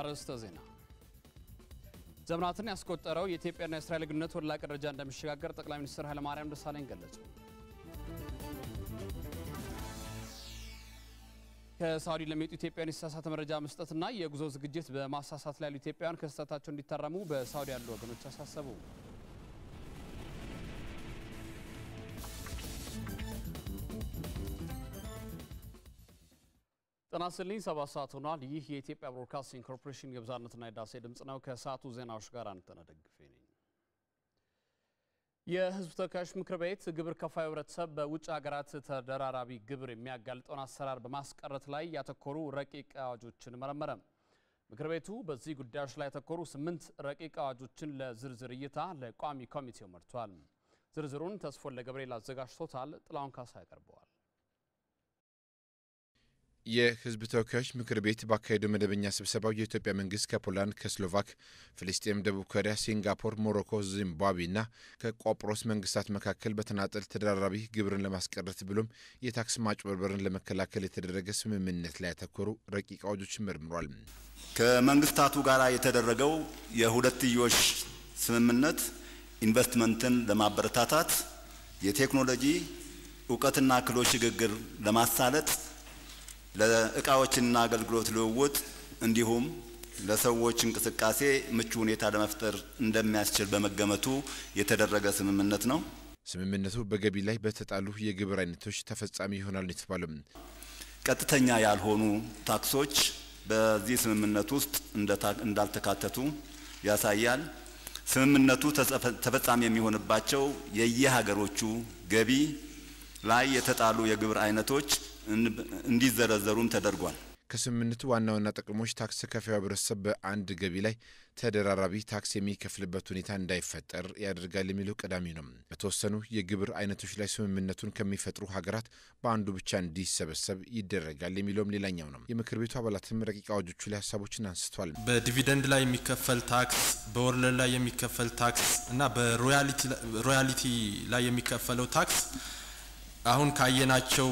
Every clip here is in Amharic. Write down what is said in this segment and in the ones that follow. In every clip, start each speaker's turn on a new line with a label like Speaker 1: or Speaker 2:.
Speaker 1: አርዕስተ ዜና። ዘመናትን ያስቆጠረው የኢትዮጵያና የእስራኤል ግንኙነት ወደ ላቀ ደረጃ እንደሚሸጋገር ጠቅላይ ሚኒስትር ኃይለማርያም ደሳለኝ ገለጹ። ከሳዑዲ ለሚወጡ ኢትዮጵያውያን የተሳሳተ መረጃ መስጠትና የጉዞ ዝግጅት በማሳሳት ላይ ያሉ ኢትዮጵያውያን ከስህተታቸው እንዲታረሙ በሳዑዲ ያሉ ወገኖች አሳሰቡ። ጤና ይስጥልኝ። ሰባት ሰዓት ሆኗል። ይህ የኢትዮጵያ ብሮድካስቲንግ ኮርፖሬሽን የብዛነትና የዳሴ ድምፅ ነው። ከሰዓቱ ዜናዎች ጋር አንተነህ ደግፌ ነኝ። ተወካዮች ምክር ቤት ግብር ከፋይ ህብረተሰብ በውጭ ሀገራት ተደራራቢ ግብር የሚያጋልጠውን አሰራር በማስቀረት ላይ ያተኮሩ ረቂቅ አዋጆችን መረመረ። ምክር ቤቱ በዚህ ጉዳዮች ላይ ያተኮሩ ስምንት ረቂቅ አዋጆችን ለዝርዝር እይታ ለቋሚ ኮሚቴው መርቷል። ዝርዝሩን ተስፎን ለገብርኤል አዘጋጅቶታል። ጥላውን ካሳ ያቀርበዋል።
Speaker 2: የህዝብ ተወካዮች ምክር ቤት ባካሄደው መደበኛ ስብሰባው የኢትዮጵያ መንግስት ከፖላንድ፣ ከስሎቫክ፣ ፍልስጤም፣ ደቡብ ኮሪያ፣ ሲንጋፖር፣ ሞሮኮ፣ እና ከቋጵሮስ መንግስታት መካከል በተናጠል ተደራራቢ ግብርን ለማስቀረት ብሎም የታክስ ማጭበርበርን ለመከላከል የተደረገ ስምምነት ላይ ያተኮሩ ረቂቅ አዋጆች መርምሯል። ከመንግስታቱ ጋር የተደረገው የሁለትዮሽ ስምምነት ኢንቨስትመንትን ለማበረታታት የቴክኖሎጂ እውቀትና ክህሎት ሽግግር ለማሳለጥ ለእቃዎችና አገልግሎት ልውውጥ እንዲሁም ለሰዎች እንቅስቃሴ ምቹ ሁኔታ ለመፍጠር እንደሚያስችል በመገመቱ የተደረገ ስምምነት ነው። ስምምነቱ በገቢ ላይ በተጣሉ የግብር አይነቶች ተፈጻሚ ይሆናል የተባለም ቀጥተኛ ያልሆኑ ታክሶች በዚህ ስምምነት ውስጥ እንዳልተካተቱ ያሳያል። ስምምነቱ ተፈጻሚ የሚሆንባቸው የየሀገሮቹ ገቢ ላይ የተጣሉ የግብር አይነቶች እንዲዘረዘሩም ተደርጓል። ከስምምነቱ ዋና ዋና ጥቅሞች ታክስ ከፋዩ ህብረተሰብ በአንድ ገቢ ላይ ተደራራቢ ታክስ የሚከፍልበት ሁኔታ እንዳይፈጠር ያደርጋል የሚለው ቀዳሚ ነው። በተወሰኑ የግብር አይነቶች ላይ ስምምነቱን ከሚፈጥሩ ሀገራት በአንዱ ብቻ እንዲሰበሰብ ይደረጋል የሚለውም ሌላኛው ነው። የምክር ቤቱ አባላትም ረቂቅ አዋጆቹ ላይ ሀሳቦችን አንስቷል። በዲቪደንድ ላይ የሚከፈል ታክስ፣ በወለድ ላይ የሚከፈል ታክስ እና በሮያሊቲ ላይ የሚከፈለው ታክስ አሁን ካየናቸው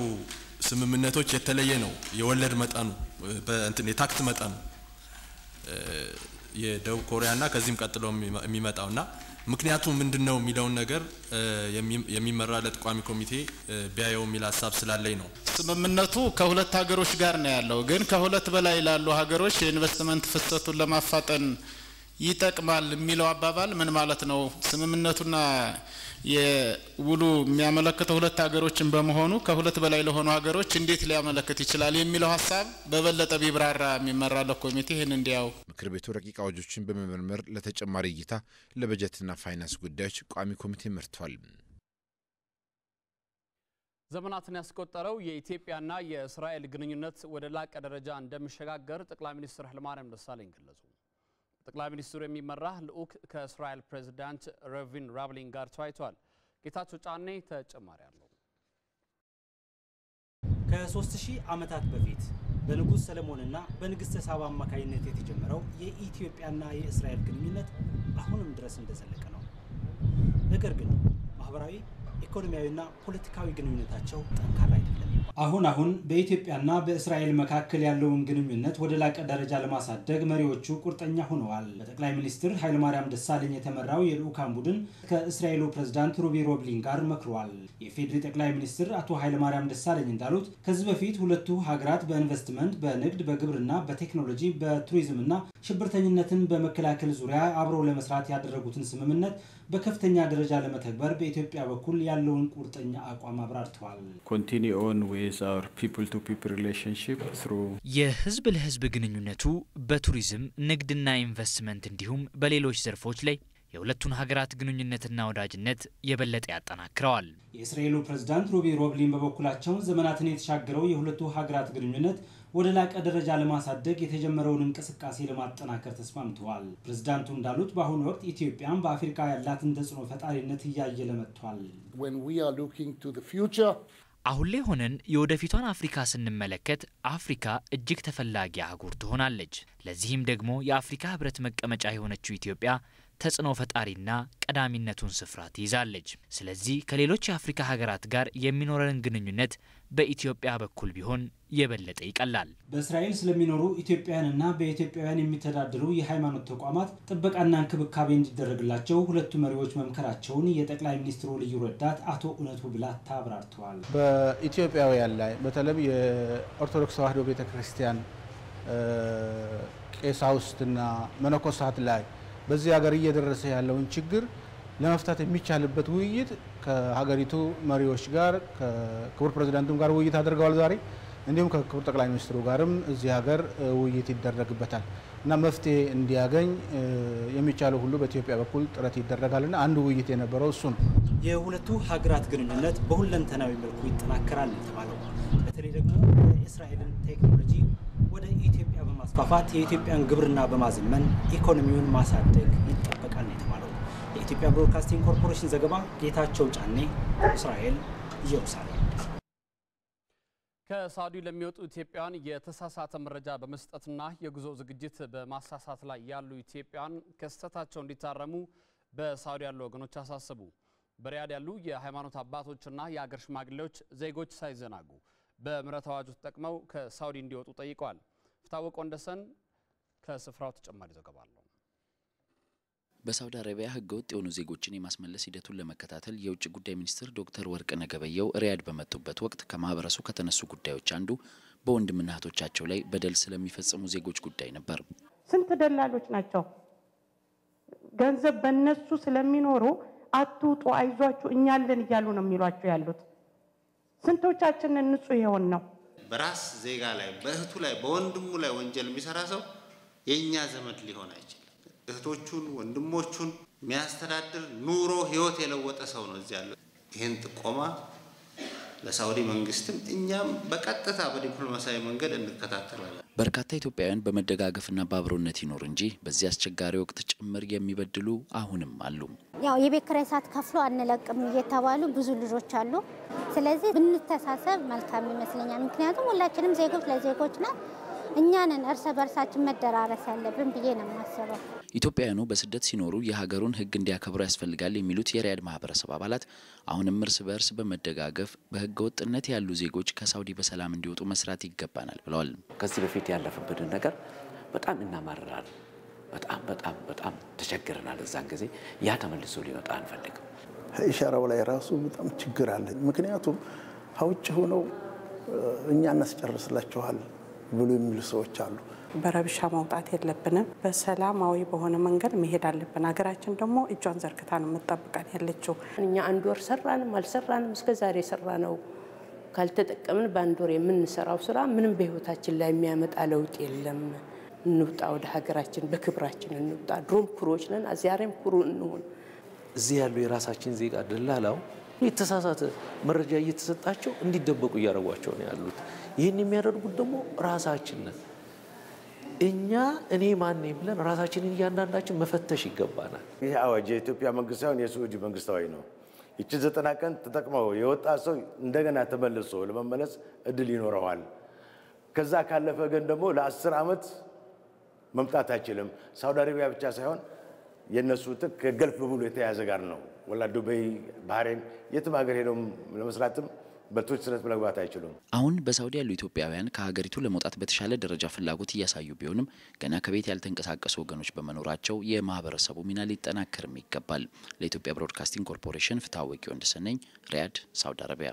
Speaker 2: ስምምነቶች የተለየ ነው። የወለድ መጠኑ በእንትን የታክት መጠኑ የደቡብ ኮሪያና ከዚህም ቀጥሎ የሚመጣውና ምክንያቱ ምንድን ነው የሚለውን ነገር የሚመራለት ቋሚ ኮሚቴ ቢያየው የሚል ሀሳብ ስላለኝ ነው። ስምምነቱ ከሁለት ሀገሮች ጋር ነው ያለው፣ ግን ከሁለት በላይ ላሉ ሀገሮች የኢንቨስትመንት ፍሰቱን ለማፋጠን ይጠቅማል የሚለው አባባል ምን ማለት ነው? ስምምነቱና የውሉ የሚያመለክተው ሁለት ሀገሮችን በመሆኑ ከሁለት በላይ ለሆኑ ሀገሮች እንዴት ሊያመለክት ይችላል የሚለው ሀሳብ በበለጠ ቢብራራ የሚመራለት ኮሚቴ ይህን እንዲያው ምክር ቤቱ ረቂቅ አዋጆችን በመመርመር ለተጨማሪ እይታ ለበጀትና ፋይናንስ ጉዳዮች ቋሚ ኮሚቴ መርቷል።
Speaker 1: ዘመናትን ያስቆጠረው የኢትዮጵያና የእስራኤል ግንኙነት ወደ ላቀ ደረጃ እንደሚሸጋገር ጠቅላይ ሚኒስትር ኃይለማርያም ደሳለኝ ገለጹ። ጠቅላይ ሚኒስትሩ የሚመራ ልዑክ ከእስራኤል ፕሬዚዳንት ረቪን ራቭሊን ጋር ተወያይተዋል። ጌታቸው ጫኔ ተጨማሪ አለው። ከሶስት ሺህ ዓመታት በፊት በንጉሥ ሰለሞንና በንግሥተ ሳባ አማካኝነት የተጀመረው የኢትዮጵያና የእስራኤል ግንኙነት አሁንም ድረስ እንደዘለቀ ነው። ነገር ግን ማህበራዊ ኢኮኖሚያዊና ፖለቲካዊ ግንኙነታቸው ጠንካራ አሁን አሁን በኢትዮጵያና በእስራኤል መካከል ያለውን ግንኙነት ወደ ላቀ ደረጃ ለማሳደግ መሪዎቹ ቁርጠኛ ሆነዋል። በጠቅላይ ሚኒስትር ኃይለማርያም ደሳለኝ የተመራው የልዑካን ቡድን ከእስራኤሉ ፕሬዝዳንት ሩቢ ሮብሊን ጋር መክሯል። የፌዴሪ ጠቅላይ ሚኒስትር አቶ ኃይለማርያም ደሳለኝ እንዳሉት ከዚህ በፊት ሁለቱ ሀገራት በኢንቨስትመንት፣ በንግድ፣ በግብርና፣ በቴክኖሎጂ፣ በቱሪዝምና ሽብርተኝነትን በመከላከል ዙሪያ አብረው ለመስራት ያደረጉትን ስምምነት በከፍተኛ ደረጃ ለመተግበር በኢትዮጵያ በኩል ያለውን ቁርጠኛ አቋም አብራርተዋል። የህዝብ ለህዝብ ግንኙነቱ በቱሪዝም ንግድና ኢንቨስትመንት እንዲሁም በሌሎች ዘርፎች ላይ የሁለቱን ሀገራት ግንኙነትና ወዳጅነት የበለጠ ያጠናክረዋል። የእስራኤሉ ፕሬዝዳንት ሩቢ ሮብሊን በበኩላቸው ዘመናትን የተሻገረው የሁለቱ ሀገራት ግንኙነት ወደ ላቀ ደረጃ ለማሳደግ የተጀመረውን እንቅስቃሴ ለማጠናከር ተስማምተዋል። ፕሬዝዳንቱ እንዳሉት በአሁኑ ወቅት ኢትዮጵያን በአፍሪካ ያላትን ተጽዕኖ ፈጣሪነት እያየለ መጥቷል። አሁን ላይ ሆነን የወደፊቷን አፍሪካ ስንመለከት አፍሪካ እጅግ ተፈላጊ አህጉር ትሆናለች። ለዚህም ደግሞ የአፍሪካ ህብረት መቀመጫ የሆነችው ኢትዮጵያ ተጽዕኖ ፈጣሪና ቀዳሚነቱን ስፍራ ትይዛለች። ስለዚህ ከሌሎች የአፍሪካ ሀገራት ጋር የሚኖረን ግንኙነት በኢትዮጵያ በኩል ቢሆን የበለጠ ይቀላል። በእስራኤል ስለሚኖሩ ኢትዮጵያውያንና በኢትዮጵያውያን የሚተዳደሩ የሃይማኖት ተቋማት ጥበቃና እንክብካቤ እንዲደረግላቸው ሁለቱ መሪዎች መምከራቸውን የጠቅላይ ሚኒስትሩ ልዩ ረዳት አቶ እውነቱ ብላታ አብራርተዋል። በኢትዮጵያውያን ላይ በተለይ የኦርቶዶክስ ተዋሕዶ ቤተክርስቲያን ቄሳውስትና መነኮሳት ላይ በዚህ ሀገር እየደረሰ ያለውን ችግር ለመፍታት የሚቻልበት ውይይት ከሀገሪቱ መሪዎች ጋር ከክቡር ፕሬዚዳንቱም ጋር ውይይት አድርገዋል ዛሬ። እንዲሁም ከክቡር ጠቅላይ ሚኒስትሩ ጋርም እዚህ ሀገር ውይይት ይደረግበታል እና መፍትሄ እንዲያገኝ የሚቻለው ሁሉ በኢትዮጵያ በኩል ጥረት ይደረጋልና አንዱ ውይይት የነበረው እሱ ነው። የሁለቱ ሀገራት ግንኙነት በሁለንተናዊ መልኩ ይጠናከራል የተባለው በተለይ ደግሞ የእስራኤልን ቴክኖሎጂ ወደ ኢትዮጵያ ማስፋፋት፣ የኢትዮጵያን ግብርና በማዘመን ኢኮኖሚውን ማሳደግ ይጠበቃል የተባለው። የኢትዮጵያ ብሮድካስቲንግ ኮርፖሬሽን ዘገባ፣ ጌታቸው ጫኔ፣ እስራኤል ኢየሩሳሌም። ከሳዑዲ ለሚወጡ ኢትዮጵያውያን የተሳሳተ መረጃ በመስጠትና የጉዞ ዝግጅት በማሳሳት ላይ ያሉ ኢትዮጵያውያን ከስተታቸው እንዲታረሙ በሳዑዲ ያሉ ወገኖች አሳሰቡ። በሪያድ ያሉ የሃይማኖት አባቶችና የአገር ሽማግሌዎች ዜጎች ሳይዘናጉ በምህረት አዋጁ ተጠቅመው ከሳዑዲ እንዲወጡ ጠይቀዋል። ታወቀ ወንደሰን ከስፍራው ተጨማሪ ዘገባ አለው። በሳውዲ አረቢያ ወጥ የሆኑ ዜጎችን የማስመለስ ሂደቱን ለመከታተል የውጭ ጉዳይ ሚኒስትር ዶክተር ወርቅነህ ገበየሁ ሪያድ በመጡበት ወቅት ከማህበረሱ ከተነሱ ጉዳዮች አንዱ በወንድምና እህቶቻቸው ላይ በደል ስለሚፈጽሙ ዜጎች ጉዳይ ነበር።
Speaker 3: ስንት ደላሎች ናቸው ገንዘብ በነሱ ስለሚኖሩ አትውጡ፣ አይዟችሁ፣ እኛለን እያሉ ነው የሚሏቸው ያሉት። ስንቶቻችንን ንጹህ የሆን ነው
Speaker 4: በራስ ዜጋ ላይ በእህቱ ላይ በወንድሙ ላይ ወንጀል የሚሰራ ሰው የእኛ ዘመድ ሊሆን አይችልም። እህቶቹን ወንድሞቹን የሚያስተዳድር ኑሮ ህይወት የለወጠ ሰው ነው እዚያ ያለው። ይህን ጥቆማ ለሳውዲ መንግስትም እኛም በቀጥታ በዲፕሎማሲያዊ መንገድ እንከታተላለን።
Speaker 1: በርካታ ኢትዮጵያውያን በመደጋገፍና በአብሮነት ይኖር እንጂ በዚህ አስቸጋሪ ወቅት ጭምር የሚበድሉ አሁንም አሉ።
Speaker 5: ያው የቤት ኪራይ ከፍሎ አንለቅም እየተባሉ ብዙ ልጆች አሉ። ስለዚህ ብንተሳሰብ መልካም ይመስለኛል። ምክንያቱም ሁላችንም ዜጎች ለዜጎች ናት። እኛንን እርሰ በርሳችን መደራረስ ያለብን ብዬ ነው የማስበው።
Speaker 1: ኢትዮጵያውያኑ በስደት ሲኖሩ የሀገሩን ሕግ እንዲያከብሩ ያስፈልጋል የሚሉት የሪያድ ማህበረሰብ አባላት አሁንም እርስ በእርስ በመደጋገፍ በህገ ወጥነት ያሉ ዜጎች ከሳውዲ በሰላም እንዲወጡ መስራት ይገባናል ብለዋል።
Speaker 6: ከዚህ በፊት ያለፈብንን ነገር በጣም እናማርራለን። በጣም በጣም በጣም ተቸግረናል። እዛን ጊዜ ያ ተመልሶ ሊመጣ አንፈልግም።
Speaker 7: ኢሻራው ላይ ራሱ በጣም ችግር አለ። ምክንያቱም ከውጭ ሆነው እኛ እናስጨርስላችኋል ብሎ የሚሉ ሰዎች አሉ።
Speaker 8: በረብሻ መውጣት የለብንም፣ በሰላማዊ በሆነ መንገድ መሄድ አለብን። ሀገራችን ደግሞ እጇን ዘርግታ ነው የምጠብቀን ያለችው። እኛ
Speaker 9: አንድ ወር ሰራንም አልሰራንም እስከ ዛሬ የሰራ ነው ካልተጠቀምን በአንድ ወር የምንሰራው ስራ ምንም በህይወታችን ላይ የሚያመጣ ለውጥ የለም። እንውጣ ወደ ሀገራችን፣ በክብራችን እንውጣ። ድሮም ኩሮች ነን፣ ዛሬም ኩሩ እንሆን።
Speaker 10: እዚህ ያሉ የራሳችን ዜጋ ደላላው የተሳሳተ መረጃ እየተሰጣቸው እንዲደበቁ እያደረጓቸው ነው ያሉት። ይህን የሚያደርጉት ደግሞ ራሳችን ነን። እኛ እኔ ማን ብለን ራሳችንን እያንዳንዳችን መፈተሽ ይገባናል።
Speaker 11: ይህ አዋጅ የኢትዮጵያ መንግስት ሳይሆን የሳዑዲ መንግስት ነው። ይቺ ዘጠና ቀን ተጠቅመው የወጣ ሰው እንደገና ተመልሶ ለመመለስ እድል ይኖረዋል። ከዛ ካለፈ ግን ደግሞ ለአስር ዓመት መምጣት አይችልም። ሳውዲ አረቢያ ብቻ ሳይሆን የእነሱ ትክ ከገልፍ በሙሉ የተያያዘ ጋር ነው። ወላ ዱበይ፣ ባህሬን የትም ሀገር ሄደው ለመስራትም በልቶች ስነት መግባት አይችሉም።
Speaker 1: አሁን በሳውዲ ያሉ ኢትዮጵያውያን ከሀገሪቱ ለመውጣት በተሻለ ደረጃ ፍላጎት እያሳዩ ቢሆንም ገና ከቤት ያልተንቀሳቀሱ ወገኖች በመኖራቸው የማህበረሰቡ ሚና ሊጠናከርም ይገባል። ለኢትዮጵያ ብሮድካስቲንግ ኮርፖሬሽን ፍትሐወቂ ወንድሰነኝ ሪያድ፣ ሳውዲ አረቢያ።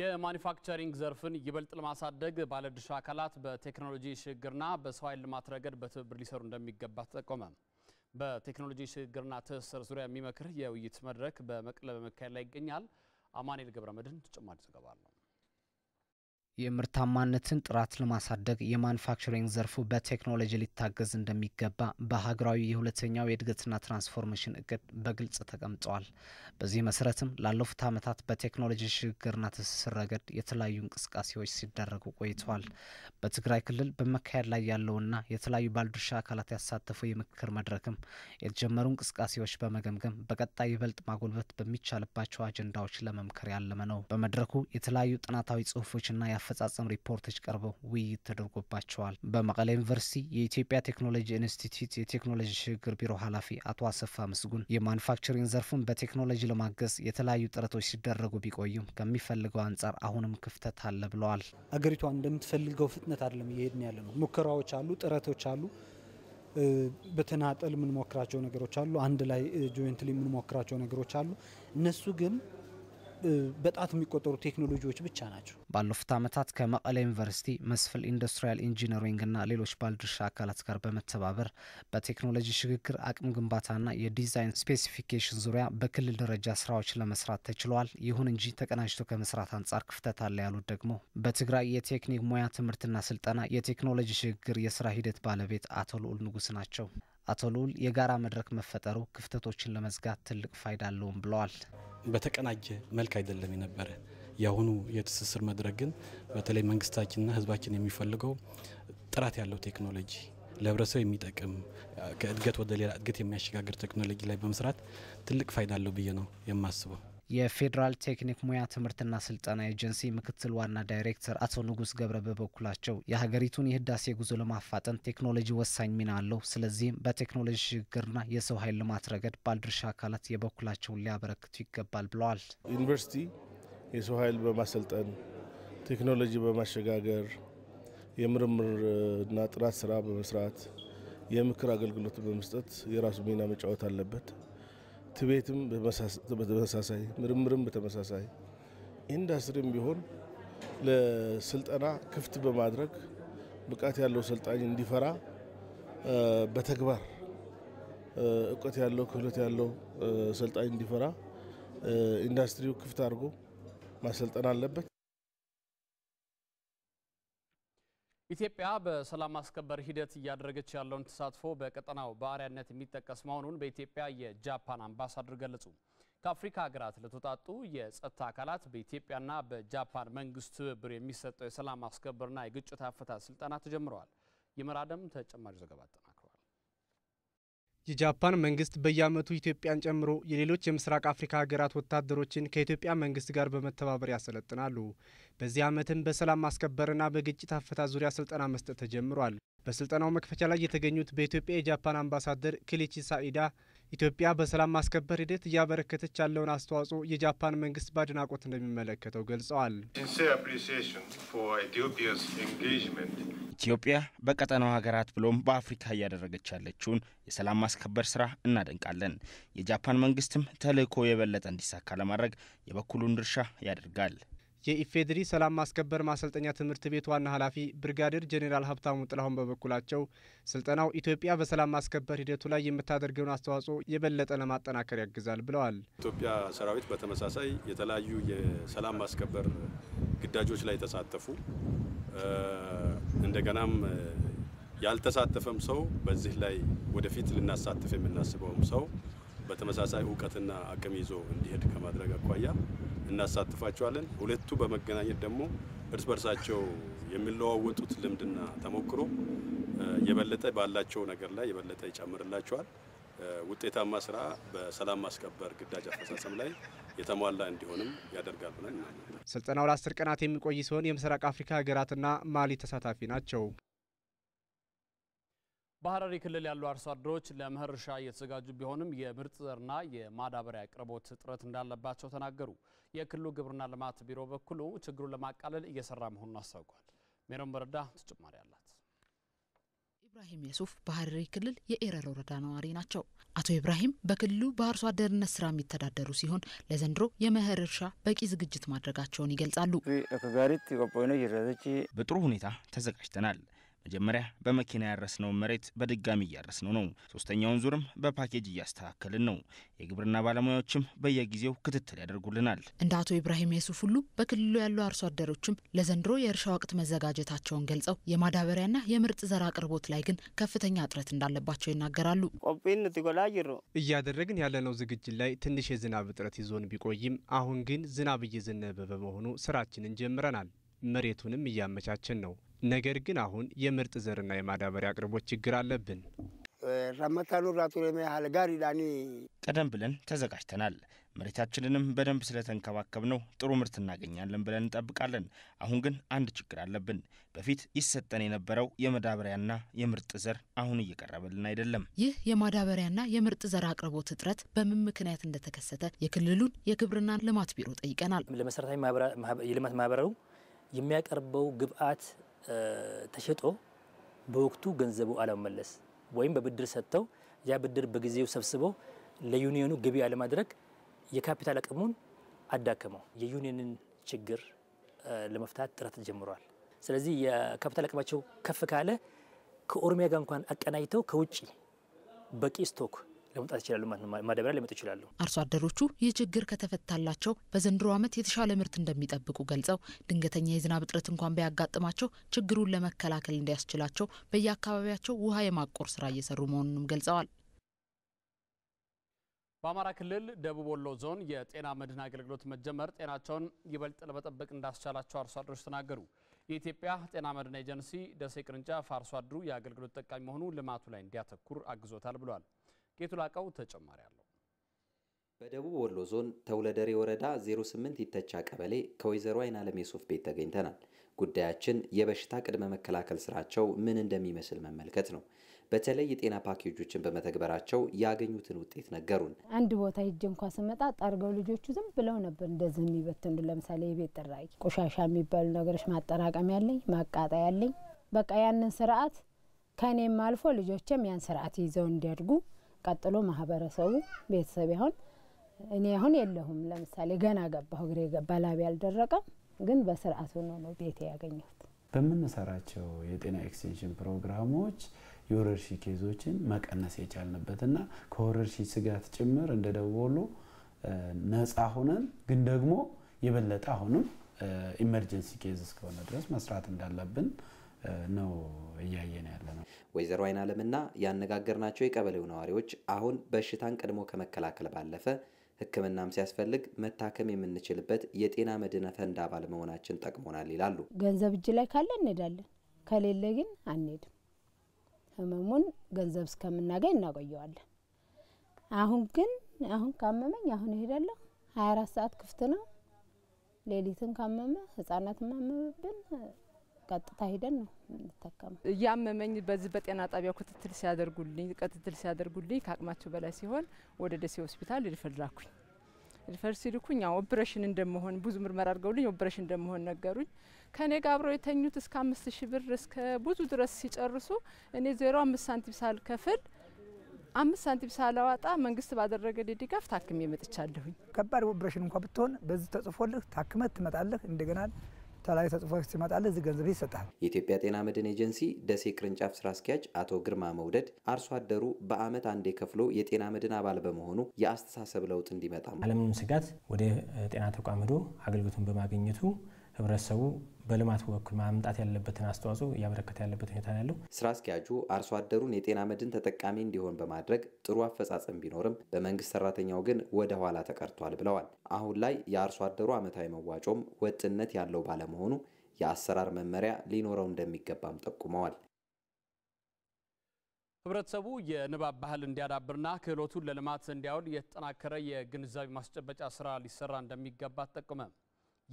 Speaker 1: የማኒፋክቸሪንግ ዘርፍን ይበልጥ ለማሳደግ ባለድርሻ አካላት በቴክኖሎጂ ሽግግርና በሰው ኃይል ልማት ረገድ በትብብር ሊሰሩ እንደሚገባ ተጠቆመ። በቴክኖሎጂ ሽግግርና ትስስር ዙሪያ የሚመክር የውይይት መድረክ በመቀለ በመካሄድ ላይ ይገኛል። አማኔል ገብረመድህን ተጨማሪ ዘገባ አለው።
Speaker 12: የምርታማነትን ጥራት ለማሳደግ የማኑፋክቸሪንግ ዘርፉ በቴክኖሎጂ ሊታገዝ እንደሚገባ በሀገራዊ የሁለተኛው የእድገትና ትራንስፎርሜሽን እቅድ በግልጽ ተቀምጠዋል። በዚህ መሰረትም ላለፉት ዓመታት በቴክኖሎጂ ሽግግርና ትስስር ረገድ የተለያዩ እንቅስቃሴዎች ሲደረጉ ቆይተዋል። በትግራይ ክልል በመካሄድ ላይ ያለውና የተለያዩ ባለድርሻ አካላት ያሳተፉ የምክክር መድረክም የተጀመሩ እንቅስቃሴዎች በመገምገም በቀጣይ ይበልጥ ማጎልበት በሚቻልባቸው አጀንዳዎች ለመምከር ያለመ ነው። በመድረኩ የተለያዩ ጥናታዊ ጽሁፎችና አፈጻጸም ሪፖርቶች ቀርበው ውይይት ተደርጎባቸዋል። በመቀለ ዩኒቨርሲቲ የኢትዮጵያ ቴክኖሎጂ ኢንስቲትዩት የቴክኖሎጂ ሽግግር ቢሮ ኃላፊ አቶ አሰፋ ምስጉን የማኑፋክቸሪንግ ዘርፉን በቴክኖሎጂ ለማገዝ የተለያዩ ጥረቶች ሲደረጉ ቢቆዩም ከሚፈልገው አንጻር አሁንም ክፍተት አለ ብለዋል።
Speaker 13: አገሪቷ እንደምትፈልገው ፍጥነት አይደለም እየሄድን ያለ ነው። ሙከራዎች አሉ፣ ጥረቶች አሉ በተናጠል የምንሞክራቸው ነገሮች አሉ። አንድ ላይ ጆይንትሊ የምንሞክራቸው ነገሮች አሉ። እነሱ ግን በጣት የሚቆጠሩ ቴክኖሎጂዎች ብቻ
Speaker 1: ናቸው። ባለፉት ዓመታት ከመቀለ ዩኒቨርሲቲ መስፍል ኢንዱስትሪያል ኢንጂነሪንግ እና ሌሎች ባለድርሻ አካላት ጋር በመተባበር በቴክኖሎጂ ሽግግር አቅም ግንባታና የዲዛይን ስፔሲፊኬሽን ዙሪያ በክልል ደረጃ ስራዎች ለመስራት ተችሏል። ይሁን እንጂ ተቀናጅቶ ከመስራት አንጻር ክፍተት አለ ያሉት ደግሞ በትግራይ የቴክኒክ ሙያ ትምህርትና ስልጠና የቴክኖሎጂ ሽግግር የስራ ሂደት ባለቤት አቶ ልዑል ንጉስ ናቸው። አቶ ልዑል የጋራ መድረክ መፈጠሩ ክፍተቶችን ለመዝጋት ትልቅ ፋይዳ አለውም ብለዋል።
Speaker 14: በተቀናጀ መልክ አይደለም የነበረ። የአሁኑ የትስስር መድረክ ግን በተለይ መንግስታችንና ህዝባችን የሚፈልገው ጥራት ያለው ቴክኖሎጂ ለህብረተሰብ የሚጠቅም ከእድገት ወደ ሌላ እድገት የሚያሸጋግር ቴክኖሎጂ ላይ በመስራት ትልቅ ፋይዳ አለው ብዬ ነው የማስበው።
Speaker 15: የፌዴራል ቴክኒክ ሙያ ትምህርትና ስልጠና ኤጀንሲ ምክትል ዋና ዳይሬክተር አቶ ንጉስ ገብረ በበኩላቸው የሀገሪቱን የህዳሴ ጉዞ ለማፋጠን ቴክኖሎጂ ወሳኝ ሚና አለው። ስለዚህም በቴክኖሎጂ ሽግግርና የሰው ኃይል ልማት ረገድ ባለድርሻ አካላት የበኩላቸውን ሊያበረክቱ ይገባል ብለዋል።
Speaker 16: ዩኒቨርሲቲ የሰው ኃይል በማሰልጠን ቴክኖሎጂ በማሸጋገር የምርምርና ጥናት ስራ በመስራት የምክር አገልግሎት በመስጠት የራሱ ሚና መጫወት አለበት። ትቤትም በተመሳሳይ ምርምርም በተመሳሳይ ኢንዱስትሪም ቢሆን ለስልጠና ክፍት በማድረግ ብቃት ያለው ሰልጣኝ እንዲፈራ በተግባር እውቀት ያለው ክህሎት ያለው ሰልጣኝ እንዲፈራ ኢንዱስትሪው ክፍት አድርጎ ማሰልጠን አለበት።
Speaker 1: ኢትዮጵያ በሰላም ማስከበር ሂደት እያደረገች ያለውን ተሳትፎ በቀጠናው በአርአያነት የሚጠቀስ መሆኑን በኢትዮጵያ የጃፓን አምባሳደር ገለጹ። ከአፍሪካ ሀገራት ለተውጣጡ የጸጥታ አካላት በኢትዮጵያና በጃፓን መንግስት ትብብር የሚሰጠው የሰላም ማስከበርና የግጭት አፈታት ስልጠና ተጀምረዋል። ይመራደም ተጨማሪ ዘገባ የጃፓን መንግስት በየዓመቱ ኢትዮጵያን ጨምሮ የሌሎች የምስራቅ አፍሪካ ሀገራት ወታደሮችን ከኢትዮጵያ መንግስት ጋር በመተባበር ያሰለጥናሉ። በዚህ ዓመትም በሰላም ማስከበርና በግጭት አፈታት ዙሪያ ስልጠና መስጠት ተጀምሯል። በስልጠናው መክፈቻ ላይ የተገኙት በኢትዮጵያ የጃፓን አምባሳደር ክሊቺ ሳኢዳ ኢትዮጵያ በሰላም ማስከበር ሂደት እያበረከተች ያለውን አስተዋጽኦ የጃፓን መንግስት በአድናቆት እንደሚመለከተው ገልጸዋል።
Speaker 17: ኢትዮጵያ በቀጠናው ሀገራት ብሎም በአፍሪካ እያደረገች ያለችውን የሰላም ማስከበር ስራ እናደንቃለን። የጃፓን መንግስትም ተልዕኮ የበለጠ እንዲሳካ ለማድረግ የበኩሉን ድርሻ ያደርጋል።
Speaker 1: የኢፌድሪ ሰላም ማስከበር ማሰልጠኛ ትምህርት ቤት ዋና ኃላፊ ብርጋዴር ጄኔራል ሀብታሙ ጥላሁን በበኩላቸው ስልጠናው ኢትዮጵያ በሰላም ማስከበር ሂደቱ ላይ የምታደርገውን አስተዋጽኦ የበለጠ ለማጠናከር ያግዛል ብለዋል።
Speaker 18: ኢትዮጵያ ሰራዊት በተመሳሳይ የተለያዩ የሰላም ማስከበር ግዳጆች ላይ የተሳተፉ እንደገናም ያልተሳተፈም ሰው በዚህ ላይ ወደፊት ልናሳትፍ የምናስበውም ሰው በተመሳሳይ እውቀትና አቅም ይዞ እንዲሄድ ከማድረግ አኳያ እናሳትፋቸዋለን። ሁለቱ በመገናኘት ደግሞ እርስ በርሳቸው የሚለዋወጡት ልምድና ተሞክሮ የበለጠ ባላቸው ነገር ላይ የበለጠ ይጨምርላቸዋል። ውጤታማ ስራ በሰላም ማስከበር ግዳጅ አፈጻጸም ላይ የተሟላ እንዲሆንም ያደርጋል
Speaker 1: ብለን እናምናለን። ስልጠናው ለአስር ቀናት የሚቆይ ሲሆን የምስራቅ አፍሪካ ሀገራትና ማሊ ተሳታፊ ናቸው። በሀረሪ ክልል ያሉ አርሶ አደሮች ለመኸር እርሻ እየተዘጋጁ ቢሆንም የምርጥ ዘርና የማዳበሪያ አቅርቦት እጥረት እንዳለባቸው ተናገሩ። የክልሉ ግብርና ልማት ቢሮ በኩሉ ችግሩን ለማቃለል እየሰራ መሆኑን አስታውቋል። ሜሮን በረዳ ተጨማሪ አለ
Speaker 19: ኢብራሂም የሱፍ በሀረሪ ክልል የኤረር ወረዳ ነዋሪ ናቸው። አቶ ኢብራሂም በክልሉ በአርሶ አደርነት ስራ የሚተዳደሩ ሲሆን ለዘንድሮ የመኸር እርሻ በቂ ዝግጅት ማድረጋቸውን ይገልጻሉ።
Speaker 20: በጥሩ ሁኔታ ተዘጋጅተናል። መጀመሪያ በመኪና ያረስነውን መሬት በድጋሚ እያረስነው ነው። ሶስተኛውን ዙርም በፓኬጅ እያስተካከልን ነው። የግብርና ባለሙያዎችም በየጊዜው ክትትል ያደርጉልናል።
Speaker 21: እንደ አቶ ኢብራሂም የሱፍ ሁሉ በክልሉ ያሉ አርሶ አደሮችም ለዘንድሮ የእርሻ ወቅት መዘጋጀታቸውን ገልጸው የማዳበሪያና የምርጥ ዘር አቅርቦት ላይ ግን ከፍተኛ እጥረት እንዳለባቸው ይናገራሉ።
Speaker 1: እያደረግን ያለነው ዝግጅት ላይ ትንሽ የዝናብ እጥረት ይዞን ቢቆይም አሁን ግን ዝናብ እየዘነበ በመሆኑ ስራችንን ጀምረናል። መሬቱንም እያመቻችን ነው። ነገር ግን አሁን የምርጥ ዘርና የማዳበሪያ አቅርቦት ችግር አለብን።
Speaker 22: ረመታኑ ራቱ ጋር ዳኒ
Speaker 23: ቀደም ብለን ተዘጋጅተናል። መሬታችንንም በደንብ ስለተንከባከብ ነው ጥሩ ምርት እናገኛለን ብለን እንጠብቃለን። አሁን ግን አንድ ችግር አለብን። በፊት ይሰጠን የነበረው የማዳበሪያና የምርጥ ዘር አሁን እየቀረበልን አይደለም።
Speaker 24: ይህ የማዳበሪያና የምርጥ ዘር አቅርቦት እጥረት በምን ምክንያት እንደተከሰተ የክልሉን የግብርና ልማት ቢሮ ጠይቀናል።
Speaker 25: ለመሰረታዊ የልማት ማህበረሩ የሚያቀርበው ግብአት ተሸጦ በወቅቱ ገንዘቡ አለመመለስ ወይም በብድር ሰጥተው ያ ብድር በጊዜው ሰብስቦ ለዩኒየኑ ገቢ አለማድረግ የካፒታል አቅሙን አዳከመው። የዩኒየንን ችግር ለመፍታት ጥረት ጀምሯል። ስለዚህ የካፒታል አቅማቸው ከፍ ካለ ከኦሮሚያ ጋር እንኳን አቀናጅተው ከውጭ በቂ ስቶክ ለመውጣት ይችላሉ ማዳበሪያ ሊመጡ
Speaker 26: ይችላሉ። አርሶ አደሮቹ ይህ ችግር ከተፈታላቸው በዘንድሮ ዓመት የተሻለ ምርት እንደሚጠብቁ ገልጸው ድንገተኛ የዝናብ እጥረት እንኳን ቢያጋጥማቸው ችግሩን ለመከላከል እንዲያስችላቸው በየአካባቢያቸው ውሃ የማቆር ስራ እየሰሩ መሆኑንም ገልጸዋል።
Speaker 1: በአማራ ክልል ደቡብ ወሎ ዞን የጤና መድህን አገልግሎት መጀመር ጤናቸውን ይበልጥ ለመጠበቅ እንዳስቻላቸው አርሶ አደሮች ተናገሩ። የኢትዮጵያ ጤና መድን ኤጀንሲ ደሴ ቅርንጫፍ አርሶ አደሩ የአገልግሎት ጠቃሚ መሆኑ ልማቱ ላይ እንዲያተኩር አግዞታል ብሏል። ጌቱ ላቀው ተጨማሪ አለው።
Speaker 27: በደቡብ ወሎ ዞን ተውለደሬ ወረዳ 08 ይተቻ ቀበሌ ከወይዘሮ አይናለም የሱፍ ቤት ተገኝተናል። ጉዳያችን የበሽታ ቅድመ መከላከል ስራቸው ምን እንደሚመስል መመልከት ነው። በተለይ የጤና ፓኬጆችን በመተግበራቸው ያገኙትን ውጤት ነገሩን። አንድ
Speaker 28: ቦታ ሄጄ እንኳ ስመጣ ጠርገው ልጆቹ ዝም ብለው ነበር እንደዚህ የሚበትኑ። ለምሳሌ የቤት ጥራጊ፣ ቆሻሻ የሚባሉ ነገሮች ማጠራቀም ያለኝ ማቃጣ ያለኝ በቃ ያንን ስርዓት ከእኔም አልፎ ልጆችም ያን ስርዓት ይዘው እንዲያድጉ ቀጥሎ ማህበረሰቡ ቤተሰብ ይሆን እኔ አሁን የለሁም። ለምሳሌ ገና ገባሁ እግሬ ገባ ላቤ አልደረቀም፣ ግን በስርዓት ነው ነው ቤቴ ያገኘሁት።
Speaker 29: በምንሰራቸው የጤና ኤክስቴንሽን ፕሮግራሞች የወረርሽኝ ኬዞችን መቀነስ የቻልንበትና ከወረርሽኝ ስጋት ጭምር እንደ ነጻ ነፃ ሆነን ግን ደግሞ የበለጠ አሁንም ኢመርጀንሲ ኬዝ እስከሆነ ድረስ መስራት እንዳለብን ነው እያየን ያለ
Speaker 30: ነው። ወይዘሮ አይናለምና ያነጋገርናቸው የቀበሌው ነዋሪዎች አሁን በሽታን ቀድሞ ከመከላከል ባለፈ ሕክምናም ሲያስፈልግ መታከም የምንችልበት የጤና መድህን ፈንድ አባል መሆናችን ጠቅሞናል ይላሉ።
Speaker 31: ገንዘብ እጅ ላይ ካለ እንሄዳለን፣ ከሌለ ግን አንሄድም። ህመሙን ገንዘብ እስከምናገኝ እናቆየዋለን። አሁን ግን አሁን ካመመኝ አሁን እሄዳለሁ። ሀያ አራት ሰዓት ክፍት ነው። ሌሊትን ካመመ ህጻናት ማመመብን ቀጥታ ሄደን ነው
Speaker 32: የምንታከመው። እያመመኝ በዚህ በጤና ጣቢያው ክትትል ሲያደርጉልኝ ክትትል ሲያደርጉልኝ ከአቅማቸው በላይ ሲሆን ወደ ደሴ ሆስፒታል ሪፈር ላኩኝ። ሪፈር ሲልኩኝ ያው ኦፕሬሽን እንደመሆን ብዙ ምርመራ አድርገውልኝ ኦፕሬሽን እንደመሆን ነገሩኝ። ከኔ ጋር አብረው የተኙት እስከ አምስት ሺህ ብር እስከ ብዙ ድረስ ሲጨርሱ እኔ ዜሮ አምስት ሳንቲም ሳልከፍል አምስት ሳንቲም ሳላዋጣ መንግስት ባደረገልኝ ድጋፍ ታክሜ መጥቻለሁኝ። ከባድ ኦፕሬሽን እንኳ ብትሆን በዚህ ተጽፎልህ ታክመህ ትመጣለህ እንደገና ተላይ ተጽፎ ሲመጣል እዚህ ገንዘብ ይሰጣል።
Speaker 33: የኢትዮጵያ ጤና መድን ኤጀንሲ ደሴ ቅርንጫፍ ስራ አስኪያጅ አቶ ግርማ መውደድ አርሶ አደሩ በአመት አንዴ ከፍሎ የጤና መድን አባል በመሆኑ የአስተሳሰብ ለውጥ እንዲመጣ አለምንም
Speaker 34: ስጋት ወደ ጤና ተቋም ሄዶ አገልግሎቱን በማግኘቱ ህብረተሰቡ በልማት በኩል ማምጣት ያለበትን አስተዋጽኦ እያበረከተ ያለበት ሁኔታ ያለው ስራ አስኪያጁ አርሶ አደሩን የጤና መድን ተጠቃሚ እንዲሆን በማድረግ ጥሩ አፈጻጸም ቢኖርም በመንግስት ሰራተኛው ግን ወደ ኋላ ተቀርቷል ብለዋል። አሁን ላይ የአርሶ አደሩ ዓመታዊ መዋጮም ወጥነት ያለው ባለመሆኑ የአሰራር መመሪያ ሊኖረው እንደሚገባም ጠቁመዋል።
Speaker 1: ህብረተሰቡ የንባብ ባህል እንዲያዳብርና ክህሎቱን ለልማት እንዲያውል የተጠናከረ የግንዛቤ ማስጨበጫ ስራ ሊሰራ እንደሚገባ ተጠቁመ።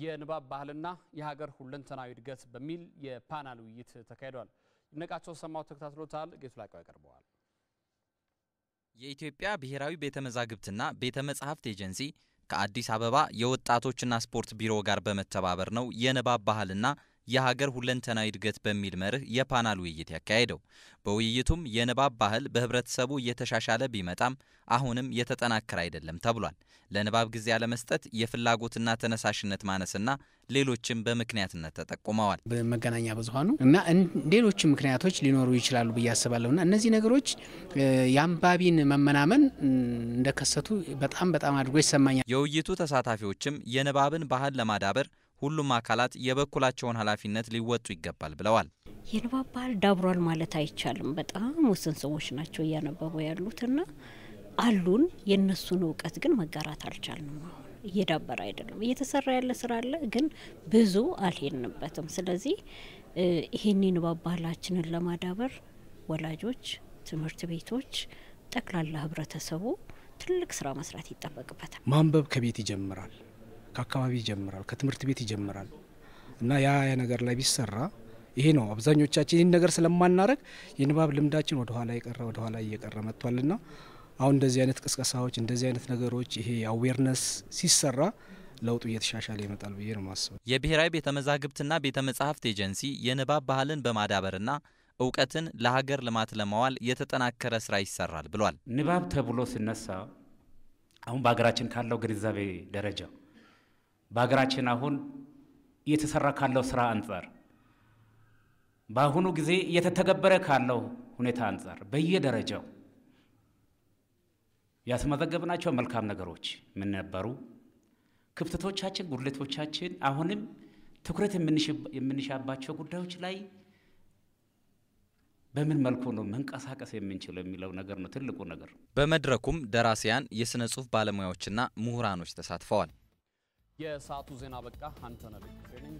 Speaker 1: የንባብ ባህልና የሀገር ሁለንተናዊ እድገት በሚል የፓናል ውይይት ተካሂዷል። ይድነቃቸው ሰማው ተከታትሎታል። ጌቱ ላቀው ያቀርበዋል። የኢትዮጵያ ብሔራዊ ቤተ መዛግብትና ቤተ መጻሕፍት ኤጀንሲ ከአዲስ አበባ የወጣቶችና ስፖርት ቢሮ ጋር በመተባበር ነው የንባብ ባህልና የሀገር ሁለንተናዊ እድገት በሚል መርህ የፓናል ውይይት ያካሄደው። በውይይቱም የንባብ ባህል በህብረተሰቡ እየተሻሻለ ቢመጣም አሁንም የተጠናከረ አይደለም ተብሏል። ለንባብ ጊዜ አለመስጠት፣ የፍላጎትና ተነሳሽነት ማነስና ሌሎችም በምክንያትነት ተጠቁመዋል። በመገናኛ ብዙሀኑ እና ሌሎች ምክንያቶች ሊኖሩ ይችላሉ ብዬ አስባለሁ እና እነዚህ ነገሮች የአንባቢን መመናመን እንደከሰቱ በጣም በጣም አድርጎ ይሰማኛል። የውይይቱ ተሳታፊዎችም የንባብን ባህል ለማዳበር ሁሉም አካላት የበኩላቸውን ኃላፊነት ሊወጡ ይገባል ብለዋል። የንባብ ባህል ዳብሯል ማለት አይቻልም። በጣም ውስን ሰዎች ናቸው እያነበቡ ያሉትና አሉን። የእነሱን እውቀት ግን መጋራት አልቻልንም። አሁን እየዳበረ አይደለም። እየተሰራ ያለ ስራ አለ፣ ግን ብዙ አልሄንበትም። ስለዚህ ይህን የንባብ ባህላችንን ለማዳበር ወላጆች፣ ትምህርት ቤቶች፣ ጠቅላላ ህብረተሰቡ ትልቅ ስራ መስራት ይጠበቅበታል። ማንበብ ከቤት ይጀምራል። ከአካባቢ ይጀምራል፣ ከትምህርት ቤት ይጀምራል እና ያ ነገር ላይ ቢሰራ ይሄ ነው። አብዛኞቻችን ይህን ነገር ስለማናረግ የንባብ ልምዳችን ወደኋላ የቀረ ወደኋላ እየቀረ ና አሁን እንደዚህ አይነት ቅስቀሳዎች፣ እንደዚህ አይነት ነገሮች ይሄ አዌርነስ ሲሰራ ለውጡ እየተሻሻለ ይመጣል ብዬ ነው ማስበው። የብሔራዊ ቤተ መዛግብትና ቤተ መጻሕፍት ኤጀንሲ የንባብ ባህልን በማዳበርና እውቀትን ለሀገር ልማት ለማዋል የተጠናከረ ስራ ይሰራል ብሏል። ንባብ ተብሎ ሲነሳ አሁን በሀገራችን ካለው ግንዛቤ ደረጃ በሀገራችን አሁን እየተሰራ ካለው ስራ አንጻር በአሁኑ ጊዜ እየተተገበረ ካለው ሁኔታ አንጻር በየደረጃው ያስመዘገብናቸው መልካም ነገሮች ምን ነበሩ? ክፍተቶቻችን፣ ጉድለቶቻችን፣ አሁንም ትኩረት የምንሻባቸው ጉዳዮች ላይ በምን መልኩ ነው መንቀሳቀስ የምንችለው የሚለው ነገር ነው ትልቁ ነገር። በመድረኩም ደራሲያን፣ የሥነ ጽሑፍ ባለሙያዎችና ምሁራኖች ተሳትፈዋል። የሰዓቱ ዜና በቃ። አንተነህ ልክ ነኝ።